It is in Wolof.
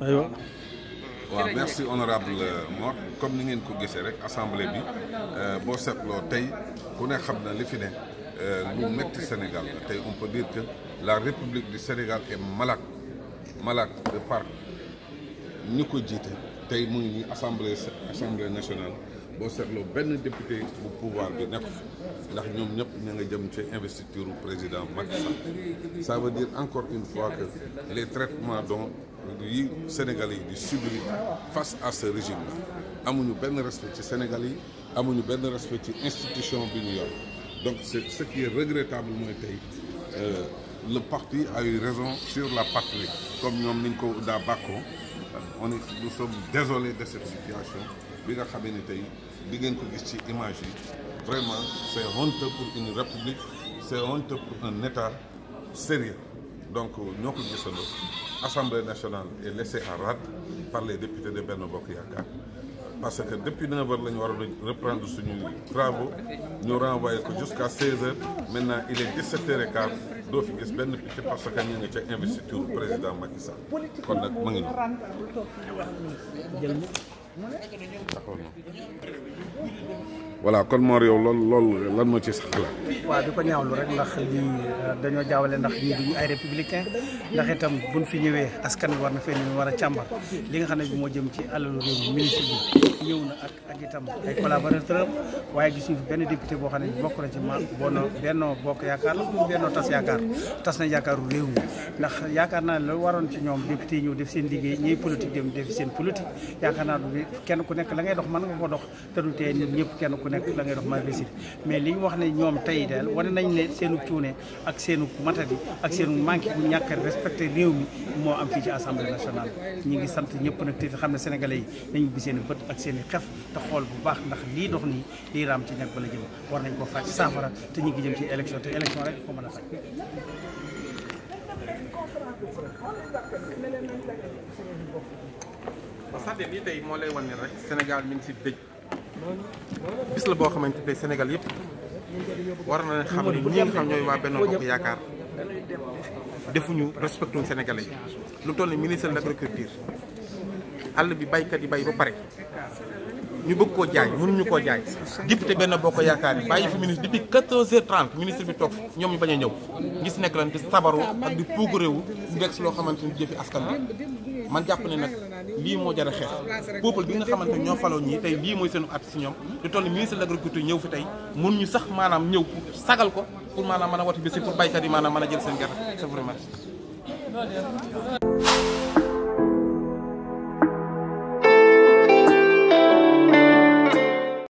aywa merci honorable euh, moo comme ni ngeen ko gisee rek assemblée bi euh, boo seetloo tey ku ne xam na li fi ne euh, lu metti Sénégal la tey on peut dire que la République du Sénégal est malade malade de par ñu ko jiite tey muy assemblée assemblée nationale boo seetloo benn député bu pouvoir bi nekk ndax ñoom ñëpp ña nga jëm ci investiture président Macky Sall ça dire encore une fois que les traitements dont yi Sénégalais yi di subir face à ce régime la amuñu benn respect ci Sénégalais yi amuñu benn respect ci institution bi ñu yor donc c'est ce qui est regrettable mooy tey euh, le parti ay eu raison sur la patrie comme ñoom niñ ko daa bàkkoo on est nous sommes désolés de cette situation bi nga xamee ni tey di ngeen ko gis ci image yi vraiment c'est honteux pour une république c'est honteux pour un état sérieux donc ñoo ko gisandoo assemblée nationale est laissée à rade par les députés de Benno parce que depuis 9 heures la ñu war a reprendre suñu travaux ñu renvoyé ko jusqu'à 16 heures maintenant il est 17 heures et quart doo fi gis benn picc parce que ñu ngi ca investiture président Macky Sall kon nag ma voilà kon Mor yow lool lool lan moo ci sax la waaw di ko ñaawlu rek ndax lii euh, dañoo jaawale ndax ñii duñu ay républicain ndax itam buñ fi ñëwee askan wi war na fee ñu war a càmbar li nga xam ne bi moo jëm ci alalu réew mi ministre bi ñëw na ak ak itam ay collaborateur waaye gis ñu fi benn député boo xam ne bokk na ci ma bono bennoo bokk yaakaar la mu bennoo tas yaakaar tas na yaakaaru réew mi ndax yaakaar naa ne loolu waroon ci ñoom député ñëw def seen liggéey ñiy politique dem seen politique kenn ku nekk la ngay dox mën nga koo dox te du tee nit ñëpp kenn ku nekk la ngay dox mën réussir mais li ñu wax ne ñoom tey daal wane nañ ne seenu cuune ak seenu matadi ak seenu manqué bu ñàkk respecté réew mi moo am fii ci assemblée nationale ñu ngi sant ñëpp nag te xam ne sénégalais yi nañu bi seen bët ak seen i xef te xool bu baax ndax lii dox nii lii raam ci ñàkk ba la jëm war nañ ko faj saafara te ñu ngi jëm ci élection te élection rek ko mën a faj parce yi tey moo lay wan ne rek mi ngi si dëj bis la boo xamante tey Sénégal yëpp war na xam ne ñi nga xam ñooy waa Benno Bokk Yaakaar defuñu respecté Sénégalais yi lu toll ni ministre de l'agriculture àll bi baykat yi bay ba pare ñu bëgg koo jaay mënuñu koo jaay député benn boo ko yaakaar yi bàyyi fi ministre depuis 14h30 ministre bi toog ñoom ñu bañ a ñëw gis nekk lan di sabaru ak di puugaréewu di degsi loo xamante ni jëfi askan bi man jàpp ne nag lii moo jar a xeex peuple bi nga xamante ñoo faloo ñii tey lii mooy seenu at si ñoom di toll ministre de l'agriculture ñëw fi tey mun ñu sax maanaam ñëw sagal ko pour maanaam mën a wati bési pour baykat yi maanaam mën a jël seen gerte c'est vraiment